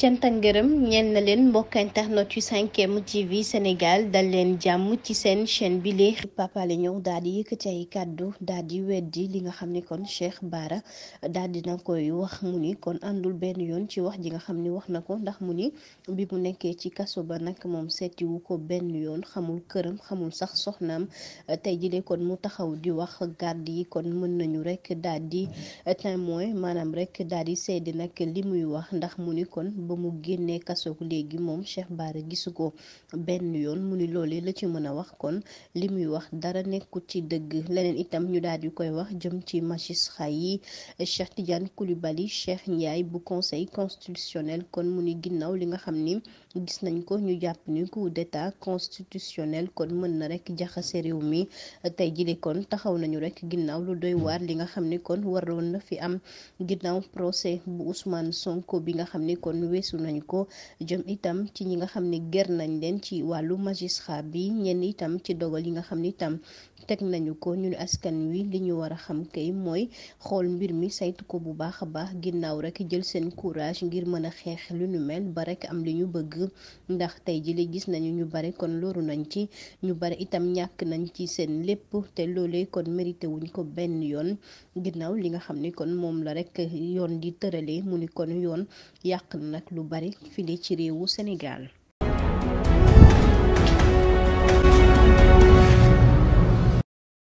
cant ak ngërëm ñeel na leen mbokk internet yu 5M TV Sénégal dal leen jàmm ci seen chaîne bi lee Pape ñëw Niang daal di yëkkati ay kàddu daal di weddi li nga xam ne kon Cheikh Bara daal di na koy wax mu ni kon àndul benn yoon ci wax ji nga xam ni wax na ko ndax mu ni bi mu nekkee ci kaso ba nag moom seetiwu ko benn yoon xamul këram xamul sax soxnaam tey jii de kon mu taxaw di wax garde yi kon mën nañu rek daal di témoin maanaam rek daal di seede nag li muy wax ndax mu ni kon. ba mu génnee kasoog léegi moom Cheikh Bara gisu ko benn yoon mu ni loolee la ci mën a wax kon li muy wax dara nekkul ci dëgg leneen itam ñu daal di koy wax jëm ci magistrat yi Cheikh Tidiane Koulibaly Cheikh Ndiaye bu conseil constitutionnel kon mu ni ginnaaw li nga xam ni gis nañ ko ñu jàpp ni coup d'état constitutionnel kon mën na rek jaxase réew mi tey jile kon taxaw nañu rek ginnaaw lu doy waar li nga xam ni kon waroon na fi am ginnaaw procès bu Ousmane weesu nañu ko jëm itam ci ñi nga xam ne ger nañ leen ci wàllu magistrat bi ñenn itam ci dogal yi nga xam ne itam teg nañu ko ñu ne askan wi li ñu war a xam kay mooy xool mbir mi saytu ko bu baax a baax ginnaaw rek jël seen courage ngir mën a xeex lu ñu mel ba rekk am li ñu bëgg ndax tey ji li gis nañu ñu bare kon loru nañ ci ñu bare itam ñàkk nañ ci seen lépp te loolee kon mérité ko benn yoon ginnaaw li nga xam ni kon moom la rek yoon di tërale mu ni yoon lu bari file ci réewu Sénégal